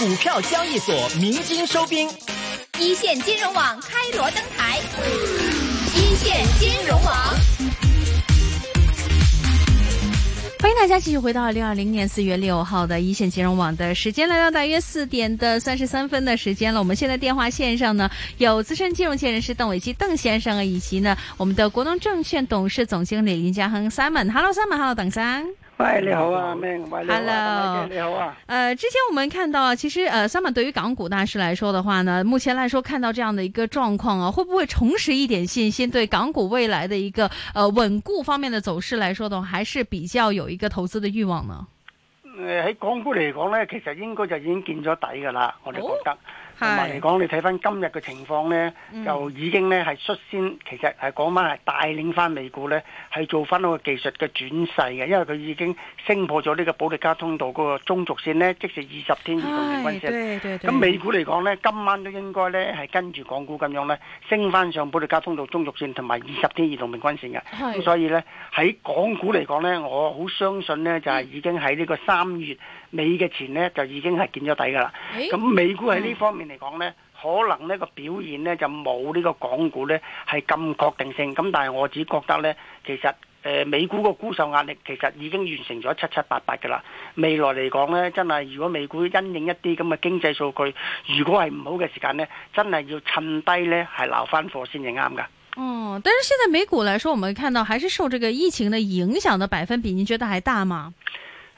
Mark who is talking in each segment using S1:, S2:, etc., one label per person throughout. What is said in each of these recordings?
S1: 股票交易所鳴金收兵，一線金融網開鑼登台，一線金融網，歡迎大家繼續回到二零二零年四月六號的一線金融網的時間，來到大約四點的三十三分的時間了。我們現在電話線上呢有資深金融界人士鄧偉基鄧先生啊，以及呢我們的國農證券董事總經理林家亨 Simon，Hello Simon，Hello 鄧生。Simon. Hello, Simon, hello,
S2: 喂，你好啊，咩？喂，你好啊，你好啊。
S1: 誒，之前我們看到，其實誒，三、呃、馬對於港股大師來說的話呢，目前來說看到這樣的一個狀況啊，會不會重拾一點信心？對港股未來的一個誒、呃、穩固方面的走勢來說的話，還是比較有一個投資的欲望呢？誒、
S2: 呃，喺港股嚟講呢，其實應該就已經見咗底噶啦，我哋覺得。Oh? 同埋嚟講，你睇翻今日嘅情況咧，嗯、就已經咧係率先，其實係嗰晚係帶領翻美股咧，係做翻嗰個技術嘅轉勢嘅，因為佢已經升破咗呢個保利加通道嗰個中軸線咧，即係二十天移動平均線。咁、哎、美股嚟講咧，今晚都應該咧係跟住港股咁樣咧，升翻上保利加通道中軸線同埋二十天移動平均線嘅。咁是所以咧喺港股嚟講咧，我好相信咧就係、是、已經喺呢個三月。美嘅錢呢，就已經係見咗底噶啦，咁、哎、美股喺呢方面嚟講呢，嗯、可能呢個表現呢，就冇呢個港股呢係咁確定性，咁但係我只覺得呢，其實誒、呃、美股個沽售壓力其實已經完成咗七七八八噶啦，未來嚟講呢，真係如果美股因應一啲咁嘅經濟數據，如果係唔好嘅時間呢，真係要趁低呢係撈翻貨先至啱噶。哦、嗯，
S1: 但是現在美股嚟講，我們看到還是受這個疫情嘅影響嘅百分比，您覺得還大嗎？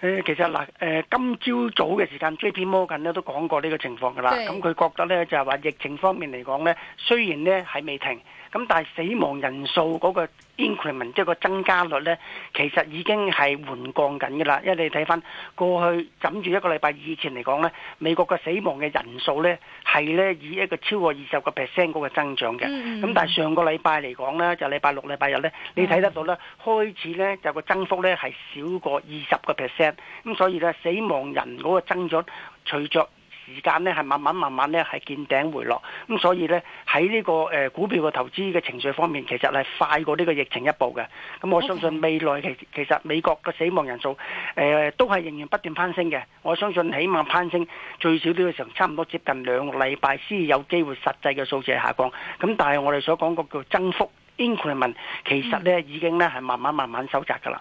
S2: 其實、呃、今朝早嘅時間，JP Morgan 都講過呢個情況㗎啦。咁佢的覺得咧就係話，疫情方面嚟講咧，雖然咧係未停。咁但係死亡人數嗰個 increment，即係個增加率咧，其實已經係緩降緊嘅啦。因為你睇返過去枕住一個禮拜以前嚟講咧，美國嘅死亡嘅人數咧係咧以一個超過二十個 percent 嗰個增長嘅。咁、嗯嗯、但係上個禮拜嚟講咧，就禮拜六、禮拜日咧，你睇得到咧，嗯、開始咧就個增幅咧係少過二十個 percent。咁所以咧，死亡人嗰個增長隨著除時間呢係慢慢慢慢呢係見頂回落，咁所以呢喺呢個誒股票嘅投資嘅情緒方面，其實係快過呢個疫情一步嘅。咁我相信未來其其實美國嘅死亡人數誒、呃、都係仍然不斷攀升嘅。我相信起碼攀升最少都要成差唔多接近兩個禮拜先有機會實際嘅數字係下降。咁但係我哋所講嗰叫增幅 （increment） 其實呢已經呢係慢慢慢慢收窄噶啦。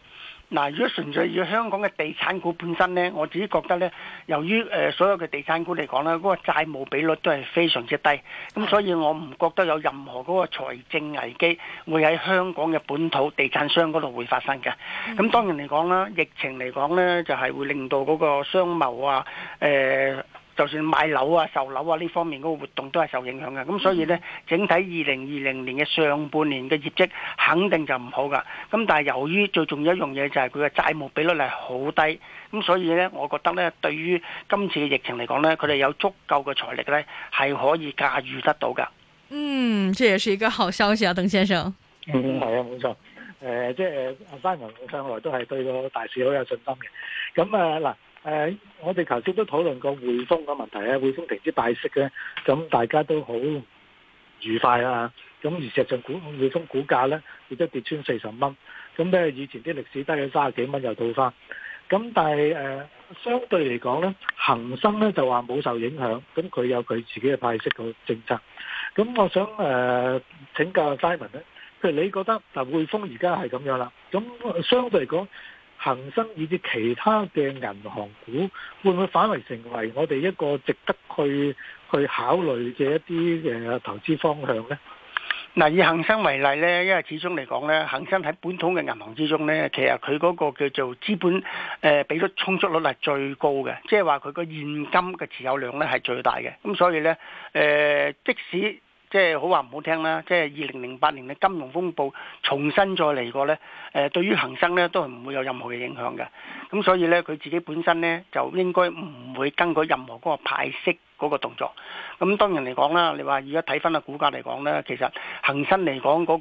S2: 嗱，如果純粹以香港嘅地產股本身呢，我自己覺得呢，由於誒所有嘅地產股嚟講咧，嗰個債務比率都係非常之低，咁所以我唔覺得有任何嗰個財政危機會喺香港嘅本土地產商嗰度會發生嘅。咁當然嚟講啦，疫情嚟講呢，就係會令到嗰個商貿啊，誒，就算買樓啊、售樓啊呢方面嗰個活動都係受影響嘅，咁所以呢，整體二零二零年嘅上半年嘅業績肯定就唔好噶。咁但係由於最重要一樣嘢就係佢嘅債務比率係好低，咁所以呢，我覺得呢，對於今次嘅疫情嚟講呢，佢哋有足夠嘅財力呢係可以駕馭得到噶。嗯，
S1: 這也是一個好消息啊，鄧先生。嗯，係
S2: 啊，冇錯。誒、呃，即
S3: 係華生人向來都係對個大市好有信心嘅。咁、嗯、啊，嗱、呃。誒，我哋頭先都討論過匯豐嘅問題啊，匯豐停止派息嘅，咁大家都好愉快啦。咁而實際上，股匯豐股價咧亦都跌穿四十蚊，咁咧以前啲歷史低咗卅幾蚊又到返。咁但係誒，相對嚟講咧，恒生咧就話冇受影響，咁佢有佢自己嘅派息個政策。咁我想誒請教阿 Simon 咧，譬如你覺得嗱，匯豐而家係咁樣啦，咁相對嚟講。恒生以至其他嘅銀行股，會唔會反為成為我哋
S2: 一個值得去去考慮嘅一啲嘅投資方向呢？嗱，以恒生為例呢，因為始終嚟講呢，恒生喺本土嘅銀行之中呢，其實佢嗰個叫做資本誒比率充足率係最高嘅，即係話佢個現金嘅持有量呢係最大嘅，咁所以呢，誒，即使即係好話唔好聽啦，即係二零零八年嘅金融風暴重新再嚟過呢。誒、呃，對於恒生呢，都係唔會有任何嘅影響嘅。咁所以呢，佢自己本身呢，就應該唔會根據任何嗰個派息嗰個動作。咁當然嚟講啦，你話而家睇翻個股價嚟講呢，其實恒生嚟講嗰、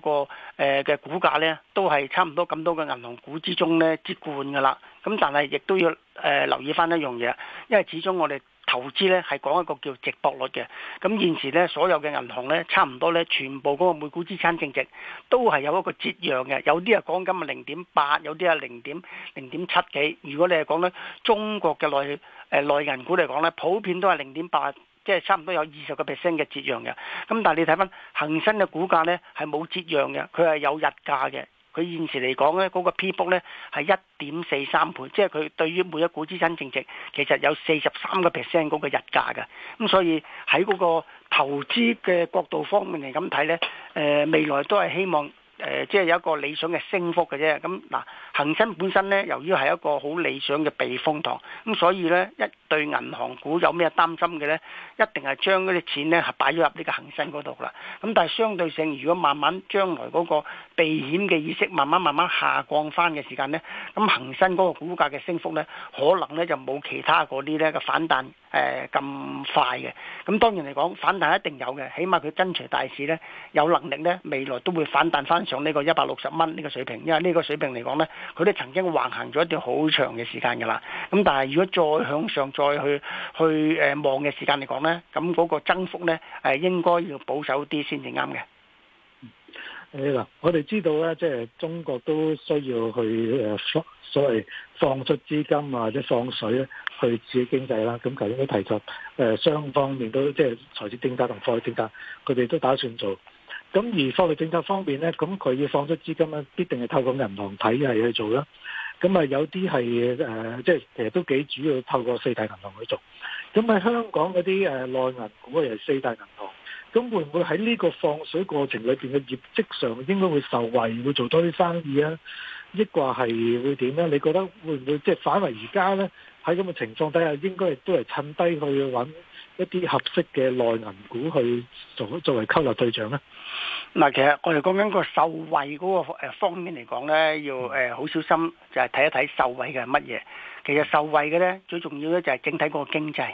S2: 那個嘅、呃、股價呢，都係差唔多咁多個銀行股之中呢之冠㗎啦。咁但係亦都要誒、呃、留意翻一樣嘢，因為始終我哋投資咧係講一個叫值博率嘅，咁、嗯、現時咧所有嘅銀行咧差唔多咧全部嗰個每股資產淨值都係有一個折讓嘅，有啲啊講緊係零點八，有啲啊零點零點七幾。如果你係講咧中國嘅內誒、呃、內銀股嚟講咧，普遍都係零點八，即係差唔多有二十個 percent 嘅折讓嘅。咁、嗯、但係你睇翻恒生嘅股價咧係冇折讓嘅，佢係有日價嘅。佢現時嚟講呢，嗰、嗰個 PB 呢係一點四三倍，即係佢對於每一股資產淨值其實有四十三個 percent 嗰個日價㗎。咁所以喺嗰個投資嘅角度方面嚟咁睇呢，誒、呃、未來都係希望。呃、即係有一個理想嘅升幅嘅啫。咁嗱，恒生本身呢，由於係一個好理想嘅避風塘，咁所以呢，一對銀行股有咩擔心嘅呢？一定係將嗰啲錢呢係擺咗入呢個恒生嗰度啦。咁但係相對性，如果慢慢將來嗰個避險嘅意識慢慢慢慢下降翻嘅時間呢，咁恒生嗰個股價嘅升幅呢，可能呢就冇其他嗰啲呢個反彈誒咁快嘅。咁當然嚟講，反彈一定有嘅，起碼佢跟隨大市呢，有能力呢，未來都會反彈翻。上呢個一百六十蚊呢個水平，因為呢個水平嚟講呢，佢哋曾經橫行咗一段好長嘅時間噶啦。咁但係如果再向上，再去去誒望嘅時間嚟講呢，咁嗰個增幅呢係應該要保守啲先至啱嘅。
S3: 嗱、嗯，我哋知道呢，即係中國都需要去誒所謂放出資金或者放水咧，去刺激經濟啦。咁頭先都提及誒、呃、雙方面都即係財政政策同貨幣政策，佢哋都打算做。咁而貨幣政策方面咧，咁佢要放出資金咧，必定係透過銀行體系去做啦。咁啊，有啲係誒，即係其實都幾主要透過四大銀行去做。咁喺香港嗰啲誒內銀股，又係四大銀行。咁會唔會喺呢個放水過程裏邊嘅業績上應該會受惠，會做多啲生意啊？抑或係會點咧？你覺得會唔會即係反為而家咧喺咁嘅情況底下，應該亦都係趁低去
S2: 揾一啲合適嘅內銀股去做作為吸納對象咧？嗱，其實我哋講緊個受惠嗰個誒方面嚟講咧，要誒好小心，就係睇一睇受惠嘅係乜嘢。其實受惠嘅咧，最重要咧就係整體個經濟，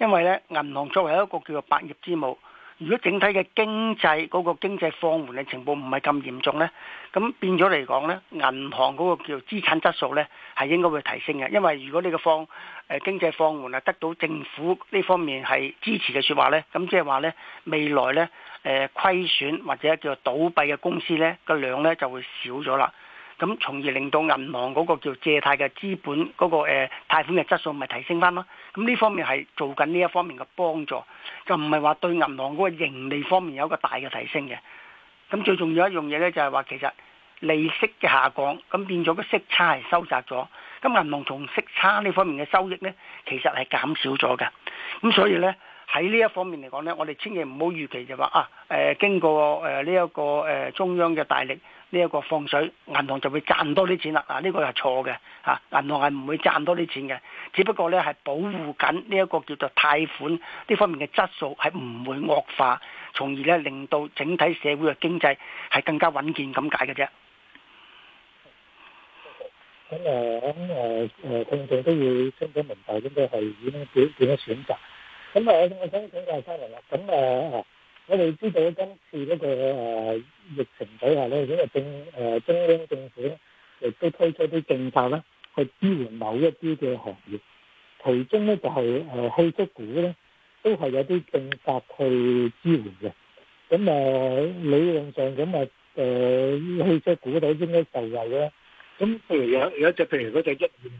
S2: 因為咧銀行作為一個叫做百業之母，如果整體嘅經濟嗰個經濟放緩嘅情況唔係咁嚴重咧，咁變咗嚟講咧，銀行嗰個叫做資產質素咧係應該會提升嘅。因為如果你個放誒經濟放緩啊，得到政府呢方面係支持嘅說話咧，咁即係話咧未來咧。誒、呃，虧損或者叫倒閉嘅公司呢個量呢就會少咗啦。咁從而令到銀行嗰個叫借貸嘅資本嗰、嗰個誒、呃、貸款嘅質素咪提升翻咯？咁呢方面係做緊呢一方面嘅幫助，就唔係話對銀行嗰個盈利方面有一個大嘅提升嘅。咁最重要一樣嘢呢，就係話，其實利息嘅下降，咁變咗個息差係收窄咗。咁銀行從息差呢方面嘅收益呢，其實係減少咗㗎。咁所以呢。喺呢一方面嚟講呢，我哋千祈唔好預期就話啊，誒、呃，經過誒呢一個誒中央嘅大力呢一、這個放水，銀行就會賺多啲錢啦。啊，呢、這個係錯嘅，吓、啊，銀行係唔會賺多啲錢嘅，只不過呢係保護緊呢一個叫做貸款呢方面嘅質素係唔會惡化，從而呢令到整體社會嘅經濟係更加穩健咁解嘅啫。
S3: 咁啊、嗯，咁都要清楚明白應該係點樣選擇。咁啊，我我想請教三文啦。咁啊，我哋知道今次嗰個誒疫情底下咧，因為政誒中央政府亦都推出啲政策咧，去支援某一啲嘅行業，其中咧就係誒汽車股咧，都係有啲政策去支援嘅。咁啊，理論上咁啊誒，汽車股都應該受惠嘅。咁譬如有有一隻，譬如嗰隻一。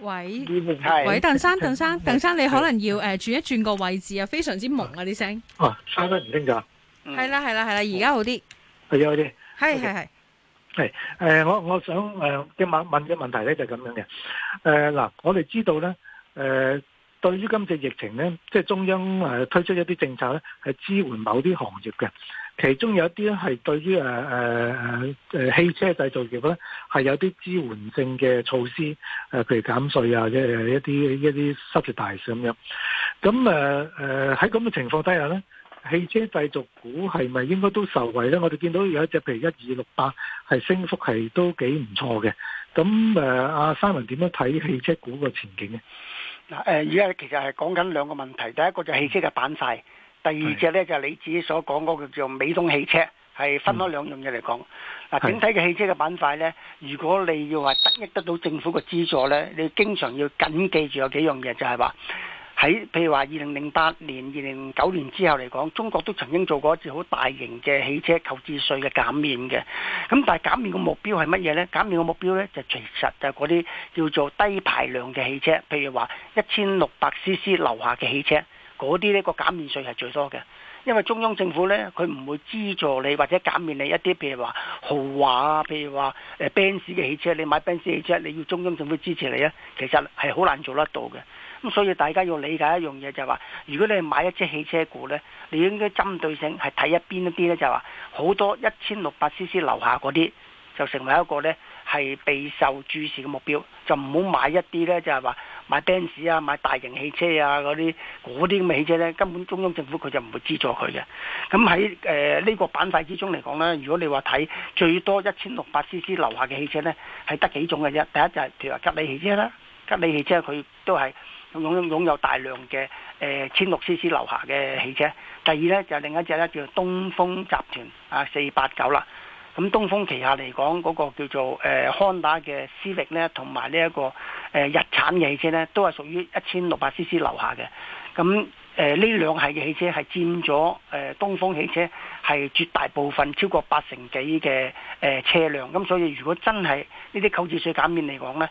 S3: 喂，喂，鄧生，鄧
S1: 生，鄧生，你可能要誒轉一轉個位置啊，非常之蒙啊啲聲。
S3: 哦，差得唔清楚。
S1: 係啦，係啦，係啦，而家好啲。
S3: 係啊，好啲。
S1: 係係係
S3: 係誒，我我想誒嘅問問嘅問題咧就係咁樣嘅。誒嗱，我哋知道咧，誒對於今次疫情咧，即係中央誒推出一啲政策咧，係支援某啲行業嘅。其中有一啲咧係對於誒誒誒誒汽車製造業咧係有啲支援性嘅措施，誒、啊、譬如減稅啊，即係一啲一啲 subsidies 咁樣。咁誒誒喺咁嘅情況底下咧，汽車製造股係咪應該都受惠咧？我哋見到有一隻譬如一二六八係升幅係都幾唔錯嘅。咁誒，阿三文點樣睇汽車股個前景
S2: 嘅？誒，而家其實係講緊兩個問題，第一個就係汽車嘅板塊。第二隻咧就係、是、你自己所講嗰個叫做美東汽車，係分開兩樣嘢嚟講。嗱、啊，整體嘅汽車嘅板塊呢，如果你要話得益得到政府嘅資助呢，你經常要緊記住有幾樣嘢，就係話喺譬如話二零零八年、二零零九年之後嚟講，中國都曾經做過一次好大型嘅汽車購置稅嘅減免嘅。咁但係減免嘅目標係乜嘢呢？減免嘅目標呢，就其實就嗰啲叫做低排量嘅汽車，譬如話一千六百 CC 樓下嘅汽車。嗰啲呢、個減免稅係最多嘅，因為中央政府呢，佢唔會資助你或者減免你一啲，譬如話豪華啊，譬如話誒 Benz 嘅汽車，你買 Benz 汽車你要中央政府支持你啊，其實係好難做得到嘅。咁所以大家要理解一樣嘢就係、是、話，如果你係買一隻汽車股呢，你應該針對性係睇一邊一啲呢，就係話好多一千六百 cc 樓下嗰啲就成為一個呢。係備受注視嘅目標，就唔好買一啲呢，就係話買 Benz 啊，買大型汽車啊嗰啲，嗰啲咁嘅汽車呢，根本中央政府佢就唔會資助佢嘅。咁喺誒呢個板塊之中嚟講咧，如果你話睇最多一千六百 CC 樓下嘅汽車呢，係得幾種嘅啫？第一就係譬如話吉利汽車啦，吉利汽車佢都係擁擁有大量嘅誒千六 CC 樓下嘅汽車。第二呢，就係另一隻呢，叫東風集團啊，四八九啦。咁東風旗下嚟講，嗰、那個叫做誒康達嘅思域咧，同埋呢一個誒日產嘅汽車咧，都係屬於一千六百 cc 留下嘅，咁。呢兩、呃、係嘅汽車係佔咗誒、呃、東風汽車係絕大部分超過八成幾嘅誒、呃、車輛，咁所以如果真係呢啲購置稅減免嚟講呢，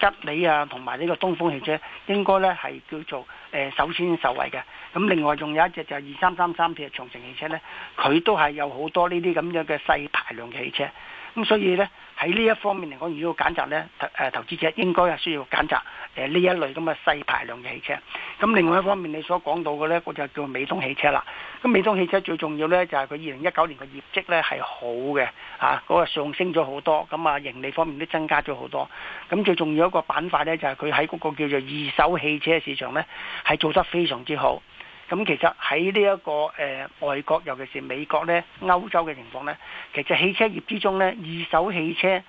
S2: 吉利啊同埋呢個東風汽車應該呢係叫做、呃、首先受惠嘅，咁、呃、另外仲有一隻就係二三三三嘅長城汽車呢，佢都係有好多呢啲咁樣嘅細排量嘅汽車，咁、呃、所以呢。喺呢一方面嚟講，如果要揀擇，呢投資者應該係需要揀擇呢一類咁嘅細排量嘅汽車。
S1: 咁另外一
S2: 方面，你所講到嘅呢我就叫美東汽車啦。咁美東汽車最重要呢，就係佢二零一九年嘅業績呢係好嘅，嚇嗰個上升咗好多，咁啊盈利方面都增加咗好多。咁最重要一個板塊呢，就係佢喺嗰個叫做二手汽車市場呢，係做得非常之好。咁其實喺呢一個誒、呃、外國，尤其是美國呢、歐洲嘅情況呢，其實汽車業之中呢，二手汽車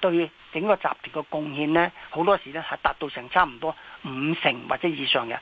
S2: 對整個集團嘅貢獻呢，好多時呢係達到成差唔多五成或者以上嘅，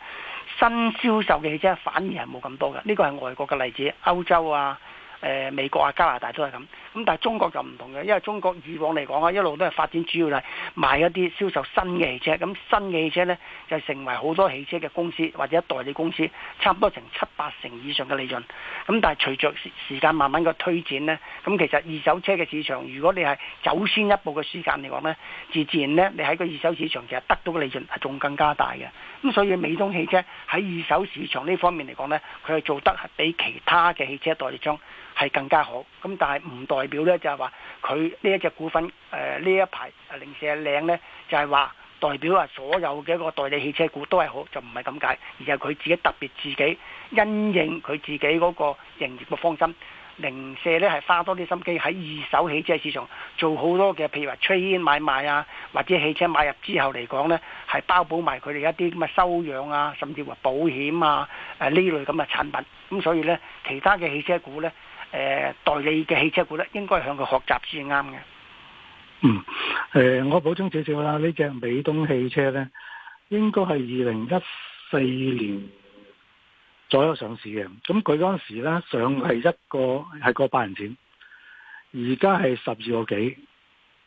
S2: 新銷售嘅汽車反而係冇咁多嘅。呢個係外國嘅例子，歐洲啊、誒、呃、美國啊、加拿大都係咁。咁但係中國就唔同嘅，因為中國以往嚟講啊，一路都係發展主要係賣一啲銷售新嘅汽車，咁、嗯、新嘅汽車呢，就成為好多汽車嘅公司或者代理公司，差唔多成七八成以上嘅利潤。咁、嗯、但係隨著時間慢慢嘅推展呢，咁、嗯、其實二手車嘅市場，如果你係走先一步嘅時間嚟講呢，自然呢，你喺個二手市場其實得到嘅利潤係仲更加大嘅。咁、嗯、所以美東汽車喺二手市場呢方面嚟講呢，佢係做得係比其他嘅汽車代理商係更加好。咁、嗯、但係唔代代表咧就係話佢呢一隻股份誒呢、呃、一排零、呃呃、舍領呢，就係、是、話代表話所有嘅一個代理汽車股都係好，就唔係咁解，而係佢自己特別自己因應佢自己嗰個營業嘅方針，零舍呢係花多啲心機喺二手汽車市場做好多嘅，譬如話 trade-in 買賣啊，或者汽車買入之後嚟講呢，係包保埋佢哋一啲咁嘅修養啊，甚至話保險啊誒呢、呃、類咁嘅產品，咁所以呢，其他嘅汽車股呢。誒、呃，代理嘅汽車股咧，應該向佢學習先
S3: 啱嘅。嗯，誒、呃，我補充少少啦，呢隻美東汽車咧，應該係二零一四年左右上市嘅。咁佢嗰陣時咧，上係一個係個百蚊錢，而家係十二個幾。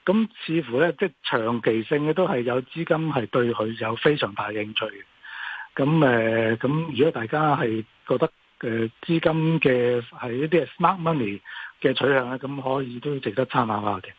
S3: 咁似乎咧，即係長期性咧，都係有資金係對佢有非常大興趣嘅。咁誒、呃，咁如果大家係覺得，誒，資金嘅係一啲 smart money 嘅取向咧，咁可以都值得參考下嘅。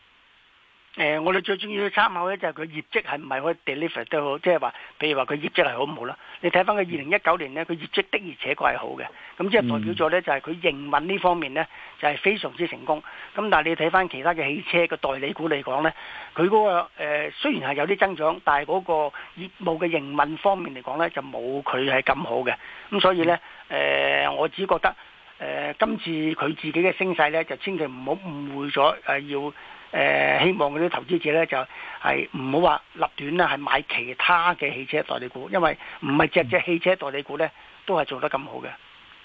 S2: 誒、呃，我哋最重要嘅參考咧，就係佢業績係唔係可以 deliver 好，即係話，譬如話佢業績係好唔好啦？你睇翻佢二零一九年咧，佢業績的而且確係好嘅，咁即係代表咗咧，就係佢營運呢方面咧，就係、是、非常之成功。咁但係你睇翻其他嘅汽車嘅代理股嚟講咧，佢嗰、那個誒、呃、雖然係有啲增長，但係嗰個業務嘅營運方面嚟講咧，就冇佢係咁好嘅。咁所以咧，誒、呃，我只覺得誒、呃、今次佢自己嘅升勢咧，就千祈唔好誤會咗誒、呃、要。誒、呃，希望嗰啲投資者咧就係唔好話立短啦，係買其他嘅汽車代理股，因為唔係只隻汽車代理股咧都係做得咁好嘅。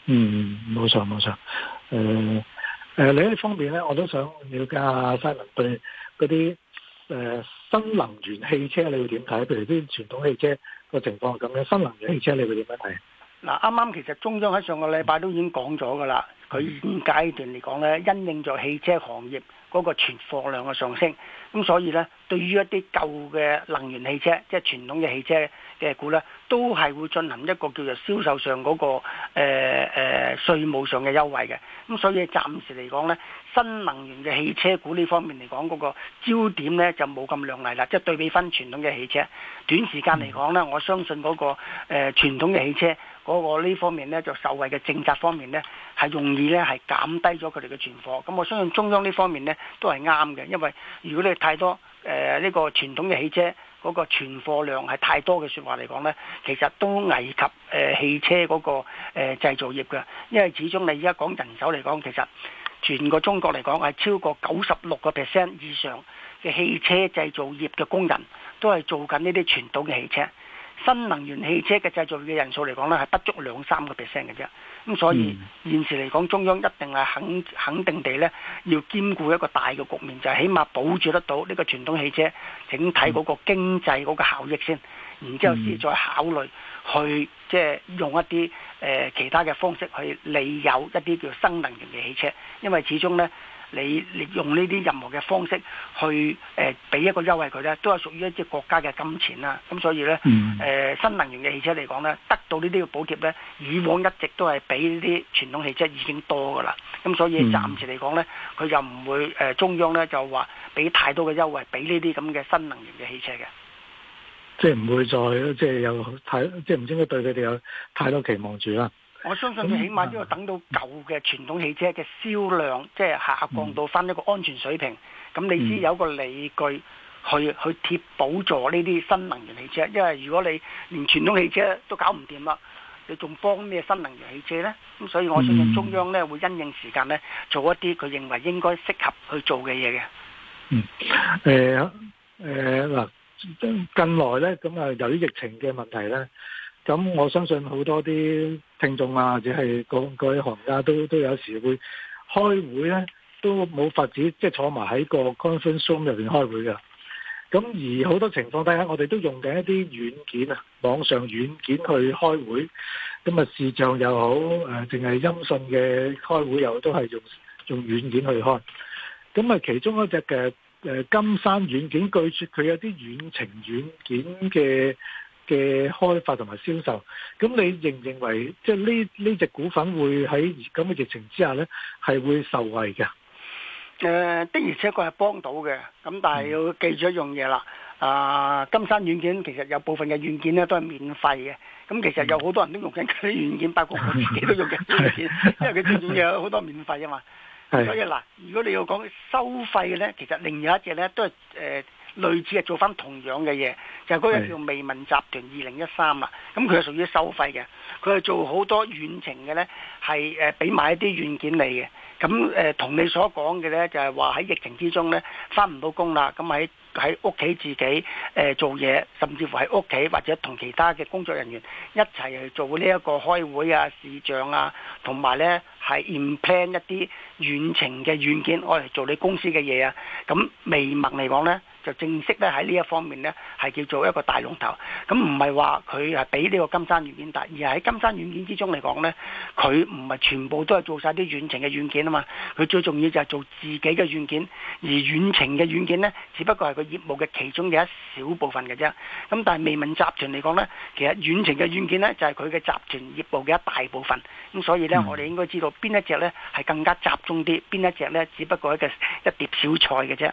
S3: 嗯，冇錯冇錯。誒誒，另、呃、一、呃、方面咧，我都想了解下西林 l 對嗰啲誒新能源汽車你會點睇？譬如啲傳統汽車個情況係咁樣，新能源汽車你會點樣睇？
S2: 嗱，啱啱其實中央喺上個禮拜都已經講咗噶啦，佢現、嗯、階段嚟講咧，因應咗汽車行業。嗰個存貨量嘅上升，咁所以呢，對於一啲舊嘅能源汽車，即係傳統嘅汽車嘅股呢，都係會進行一個叫做銷售上嗰個誒誒稅務上嘅優惠嘅。咁所以暫時嚟講呢，新能源嘅汽車股呢方面嚟講，嗰個焦點呢就冇咁亮麗啦。即係對比翻傳統嘅汽車，短時間嚟講呢，我相信嗰個誒傳統嘅汽車。嗰個呢方面呢，就受惠嘅政策方面呢，係容易呢，係減低咗佢哋嘅存貨。咁我相信中央呢方面呢，都係啱嘅，因為如果你太多誒呢、呃這個傳統嘅汽車嗰、那個存貨量係太多嘅説話嚟講呢，其實都危及誒、呃、汽車嗰、那個誒製、呃、造業嘅，因為始終你而家講人手嚟講，其實全個中國嚟講係超過九十六個 percent 以上嘅汽車製造業嘅工人，都係做緊呢啲傳統嘅汽車。新能源汽車嘅製造嘅人數嚟講呢，係不足兩三個 percent 嘅啫。咁、嗯、所以現時嚟講，中央一定係肯肯定地呢，要兼顧一個大嘅局面，就係、是、起碼保住得到呢個傳統汽車整體嗰個經濟嗰個效益先，嗯、然之後先再考慮去即係用一啲誒、呃、其他嘅方式去利用一啲叫新能源嘅汽車，因為始終呢。你利用呢啲任何嘅方式去誒俾、呃、一個優惠佢呢都係屬於一隻國家嘅金錢啦。咁所以呢，誒、嗯呃、新能源嘅汽車嚟講呢，得到呢啲嘅補貼呢，以往一直都係比呢啲傳統汽車已經多㗎喇。咁所以暫時嚟講呢，佢就唔會誒、呃、中央呢就話俾太多嘅優惠俾呢啲咁嘅新能源嘅汽車嘅。
S3: 即係唔會再即係有太即係唔應該對佢哋有太多期望住啦。
S2: 我相信佢起碼都要等到舊嘅傳統汽車嘅銷量即係下降到翻一個安全水平，咁你知有個理據去去貼補助呢啲新能源汽車，因為如果你連傳統汽車都搞唔掂啦，你仲幫咩新能源汽車呢？咁所以我相信中央呢會因應時間呢做一啲佢認為應該適合去做嘅嘢嘅。嗯。
S3: 誒誒嗱，近來呢，咁啊，由於疫情嘅問題呢。咁我相信好多啲聽眾啊，或者係各各位行家都都有時會開會咧，都冇法子即係坐埋喺個 conference room 入邊開會㗎。咁而好多情況底下，我哋都用緊一啲軟件啊，網上軟件去開會。咁啊視像又好，誒淨係音訊嘅開會又好都係用用軟件去開。咁啊其中一隻嘅誒金山軟件，據説佢有啲遠程軟件嘅。嘅開發同埋銷售，咁你認唔認為即係呢呢隻股份會喺咁嘅疫情之下咧，係會受惠㗎？誒
S2: 的而且確係幫到嘅，咁但係要記住一樣嘢啦。啊，金山軟件其實有部分嘅軟件咧都係免費嘅，咁其實有好多人都用緊佢啲軟件，包括我自己都用緊軟件，因為佢做軟件有好多免費啊嘛。係。所以嗱，如果你要講收費嘅咧，其實另一隻咧都係誒。類似係做翻同樣嘅嘢，就係、是、嗰個叫微盟集團二零一三啦。咁佢係屬於收費嘅，佢係做好多遠程嘅呢，係誒俾埋一啲軟件嚟嘅。
S1: 咁誒、呃、同你
S2: 所講嘅呢，就係話喺疫情之中呢，翻唔到工啦，咁喺喺屋企自己誒、呃、做嘢，甚至乎喺屋企或者同其他嘅工作人員一齊去做呢一個開會啊、視像啊，同埋呢係 implant 一啲遠程嘅軟件，我嚟做你公司嘅嘢啊。咁微盟嚟講呢。就正式咧喺呢一方面呢，係叫做一個大龍頭。咁唔係話佢係比呢個金山軟件大，而係喺金山軟件之中嚟講呢，佢唔係全部都係做晒啲遠程嘅軟件啊嘛。佢最重要就係做自己嘅軟件，而遠程嘅軟件呢，只不過係個業務嘅其中嘅一小部分嘅啫。咁但係微軟集團嚟講呢，其實遠程嘅軟件呢，就係佢嘅集團業務嘅一大部分。咁所以呢，嗯、我哋應該知道邊一隻呢係更加集中啲，邊一隻呢只不過一個一碟小菜嘅啫。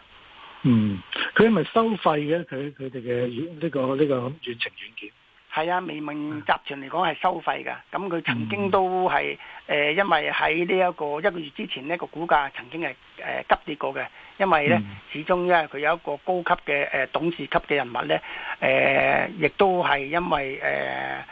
S3: 嗯，佢係咪收費嘅，佢佢哋嘅呢個呢、呢個遠程軟件
S2: 係啊，微盟集團嚟講係收費噶，咁佢曾經都係誒、嗯呃，因為喺呢一個一個月之前呢個股價曾經係誒、呃、急跌過嘅，因為呢、嗯、始終因為佢有一個高級嘅誒、呃、董事級嘅人物呢，誒、呃、亦都係因為誒。呃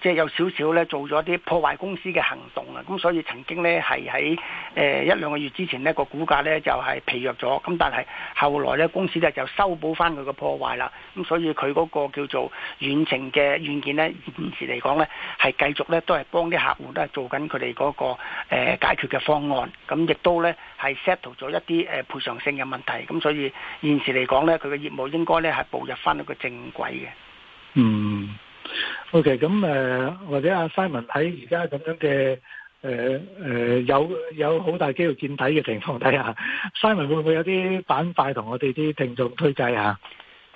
S2: 即係有少少咧做咗啲破壞公司嘅行動啦，咁所以曾經咧係喺誒一兩個月之前呢個股價咧就係疲弱咗，咁但係後來咧公司咧就修補翻佢嘅破壞啦，咁所以佢嗰個叫做遠程嘅軟件咧現時嚟講咧係繼續咧都係幫啲客戶咧做緊佢哋嗰個解決嘅方案，咁亦都咧係 settle 咗一啲誒賠償性嘅問題，咁所以現時嚟講咧佢嘅業務應該咧係步入翻一個正軌嘅。
S3: 嗯。O.K. 咁、嗯、誒，或者阿 Simon 喺而家咁樣嘅誒誒，有有好大機會見底嘅情況底下 ，Simon 會唔會有啲板塊同我哋啲聽眾推介下？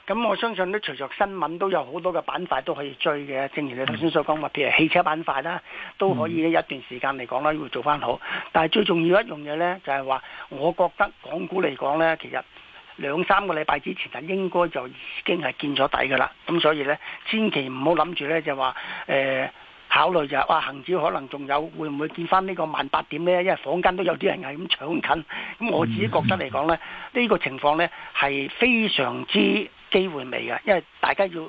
S2: 咁我相信咧，隨着新聞都有好多嘅板塊都可以追嘅。正如你頭先所講，特別係汽車板塊啦，都可以呢一段時間嚟講啦，會做翻好。但係最重要一樣嘢咧，就係話，我覺得港股嚟講咧，其實。兩三個禮拜之前就應該就已經係見咗底㗎喇，咁所以呢，千祈唔好諗住呢就話誒、呃、考慮就係、是、哇，恆指可能仲有會唔會見翻呢個萬八點呢？因為坊間都有啲人係咁搶緊。咁我自己覺得嚟講、嗯嗯、呢，呢個情況呢係非常之機會未嘅，因為大家要。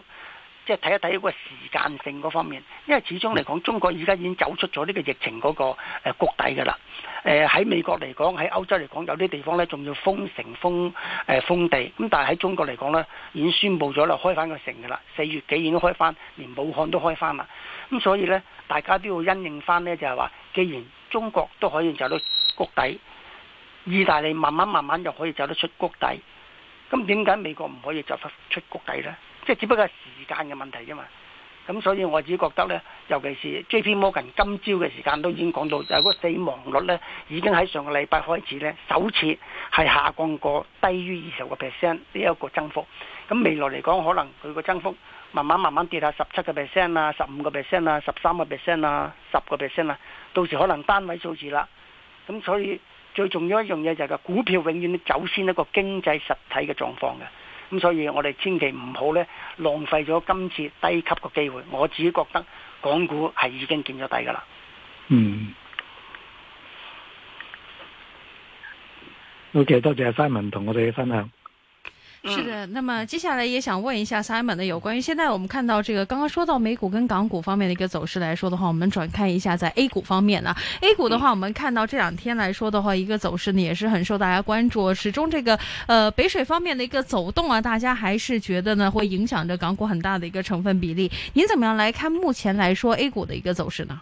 S2: 即係睇一睇嗰個時間性嗰方面，因為始終嚟講，中國而家已經走出咗呢個疫情嗰個谷底㗎啦。
S1: 誒、呃、喺美國
S2: 嚟講，喺歐洲嚟講，有啲地方咧仲要封城、封誒、呃、封地。咁但係喺中國嚟講咧，已經宣布咗啦，開翻個城㗎啦。四月幾已經開翻，連武漢都開翻啦。咁所以咧，大家都要因應翻咧，就係話，既然中國都可以走得出谷底，意大利慢慢慢慢就可以走得出谷底，咁點解美國唔可以走得出谷底咧？即係只不過係時間嘅問題啫嘛，咁所以我只覺得呢，尤其是 JP Morgan 今朝嘅時間都已經講到，就係嗰個死亡率呢已經喺上個禮拜開始呢首次係下降過低於二十個 percent 呢一個增幅。
S1: 咁未來
S2: 嚟講，可能佢個增幅慢慢慢慢跌下十七個 percent 啊，十五個 percent 啊，十三個 percent 啊，十個 percent 啊，到時可能單位數字啦。咁所以最重要一樣嘢就係個股票永遠走先一個經濟實體嘅狀況嘅。咁所以，我哋千祈唔好呢，浪費咗今次低吸嘅機會。我自己覺得，港股係已經見咗底㗎喇。嗯。
S3: 好嘅，多謝阿 Simon 同我哋嘅分享。
S1: 是的，那麼接下來也想問一下 Simon 呢？有關於現在我們看到這個剛剛說到美股跟港股方面的一個走勢來說的話，我們轉看一下在 A 股方面呢？A 股的話，我們看到這兩天來說的話，一個走勢呢也是很受大家關注。始終這個，呃，北水方面的一個走動啊，大家還是覺得呢會影響着港股很大的一個成分比例。您怎麼樣來看目前來說 A 股的一個走勢呢？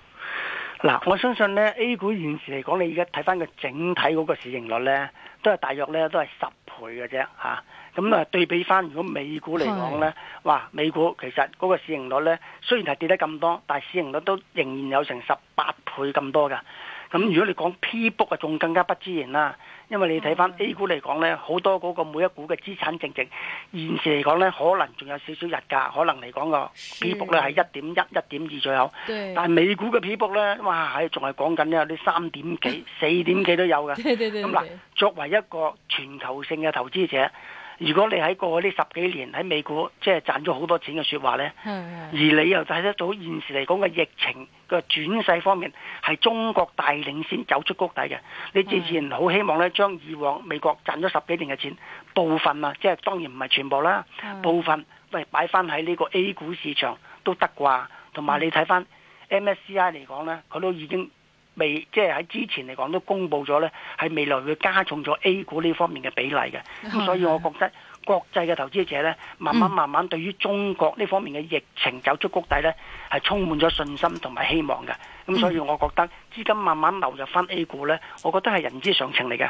S2: 嗱，我相信呢，A 股現時嚟講，你而家睇翻個整體嗰個市盈率呢，都係大約呢，都係十倍嘅啫，吓、啊。咁啊，對比翻如果美股嚟講呢，是哇，美股其實嗰個市盈率呢，雖然係跌得咁多，但係市盈率都仍然有成十八倍咁多噶。咁如果你講 P book 啊，仲更加不知然啦、啊。因為你睇翻 A 股嚟講呢，好是多嗰個每一股嘅資產淨值，現時嚟講呢，可能仲有少少溢價，可能嚟講個 P book 咧係一點一、一點二左右。但係美股嘅 P book 咧，哇，仲係講緊呢，有啲三點幾、四點幾都有㗎。咁嗱、 嗯，作為一個全球性嘅投資者。如果你喺過去呢十幾年喺美股即係賺咗好多錢嘅説話呢，是是而你又睇得到現時嚟講嘅疫情嘅轉勢方面係中國大領先走出谷底嘅，你自然好希望咧將以往美國賺咗十幾年嘅錢部分啊，即係當然唔係全部啦，部分喂擺翻喺呢個 A 股市場都得啩，同埋你睇翻 MSCI 嚟講呢，佢都已經。未，即係喺之前嚟講都公布咗咧，係未來會加重咗 A 股呢方面嘅比例嘅。咁的所以我覺得國際嘅投資者咧，慢慢慢慢對於中國呢方面嘅疫情走出谷底咧，係充滿咗信心同埋希望嘅。咁所以我覺得資金慢慢流入翻 A 股咧，我覺得係人之常情嚟嘅。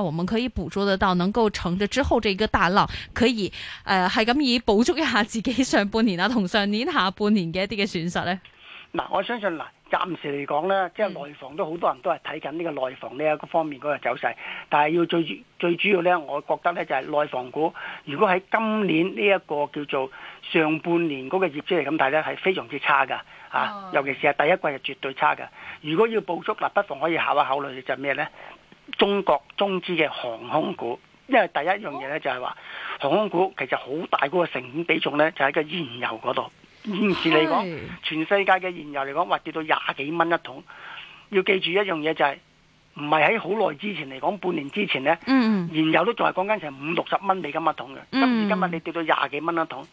S1: 我們可以捕捉得到，能夠乘着之後這一個大浪，可以誒係咁以補足一下自己上半年啊同上年下半年嘅一啲嘅損失咧。
S2: 嗱、嗯，我相信嗱，暫時嚟講咧，即係內房都好多人都係睇緊呢個內房呢一個方面嗰個走勢。但係要最最主要咧，我覺得咧就係、是、內房股，如果喺今年呢一個叫做上半年嗰個業績嚟咁睇咧，係非常之差噶吓。啊哦、尤其是係第一季係絕對差噶。如果要補足，嗱不妨可以考一考慮就係咩咧？中國中資嘅航空股，因為第一樣嘢咧就係話航空股其實好大嗰個成本比重咧就喺、是、個燃油嗰度。
S1: 現時嚟講，
S2: 全世界嘅燃油嚟講，話跌到廿幾蚊一桶。要記住一樣嘢就係、是，唔係喺好耐之前嚟講，半年之前咧，嗯、燃油都仲係講緊成五六十蚊美金一桶嘅。今時今日你跌到廿幾蚊一桶。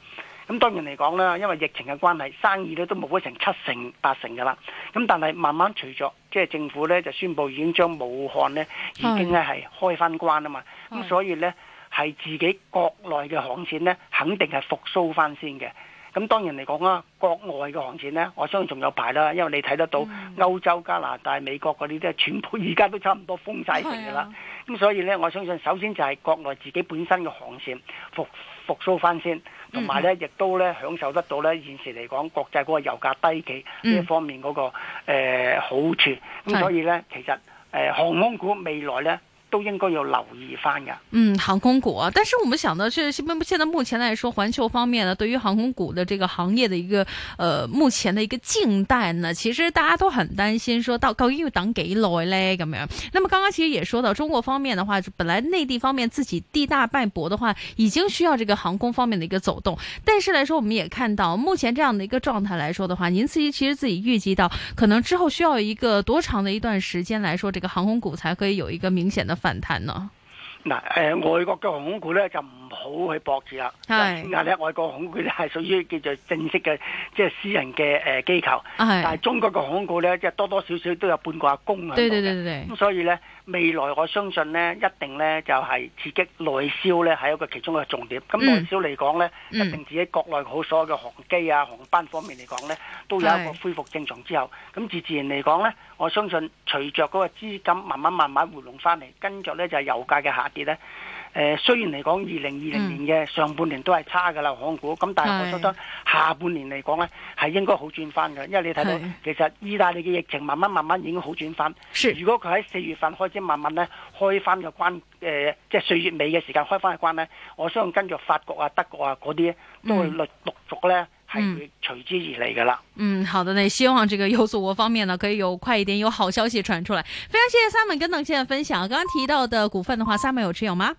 S2: 咁當然嚟講啦，因為疫情嘅關係，生意咧都冇咗成七成八成㗎啦。咁但係慢慢隨著，即係政府咧就宣布已經將武漢咧已經咧係開翻關啊嘛。咁是所以咧係自己國內嘅航線咧，肯定係復甦翻先嘅。咁當然嚟講啦，國外嘅航線咧，我相信仲有排啦。因為你睇得到歐洲、加拿大、美國嗰啲都係全部而家都差唔多封晒城㗎啦。咁所以咧，我相信首先就係國內自己本身嘅航線復復甦翻先，同埋咧亦都咧享受得到咧，現時嚟講國際嗰個油價低企呢一方面嗰、嗰個、嗯呃、好處。咁所以咧，的其實誒、呃、航空股未來咧。都應
S1: 該要留意翻噶。嗯，航空股啊，但是我們想到是現在目前來說，環球方面呢，對於航空股的這個行業的一個，呃，目前的一個靜待呢，其實大家都很擔心，說到究竟要等幾耐咧，咁樣。那麼剛剛其實也說到中國方面的話，本來內地方面自己地大脈搏的話，已經需要這個航空方面的一個走動，但是來說我們也看到目前這樣的一個狀態來說的話，您自己其實自己預計到可能之後需要一個多長的一段時間來說，這個航空股才可以有一個明顯的。反彈咯、哦，
S2: 嗱，誒，外國嘅航空股咧就唔好去搏住啦！但係咧是外國恐懼咧係屬於叫做正式嘅，即係私人嘅誒機構。是但係中國嘅恐懼咧，即係多多少少都有半個阿公喺度嘅。咁所以咧，未來我相信咧，一定咧就係刺激內銷咧，係一個其中嘅重點。咁內銷嚟講咧，嗯嗯、一定自己國內好，所有嘅航機啊、航班方面嚟講咧，都有一個恢復正常之後，咁自是自然嚟講咧，我相信隨着嗰個資金慢慢慢慢回籠翻嚟，跟著咧就係、是、油價嘅下跌咧。誒、呃，雖然嚟講，二零二零年嘅上半年都係差嘅啦，港、嗯、股。咁但係我覺得下半年嚟講呢，係、嗯、應該好轉翻嘅，因為你睇到其實意大利嘅疫情慢慢慢慢已經好轉翻。是如果佢喺四月份開始慢慢呢開翻個關，呃、即係四月尾嘅時間開翻個關呢，我相信跟住法國啊、德國啊嗰啲都會陸陸續呢，係會隨之而嚟嘅啦。嗯，
S1: 好的，那希望這個油素股方面呢可以有快一點有好消息傳出來。非常謝謝 Sammy 跟大家分享，剛剛提到的股份的話 Sammy 有持有嗎？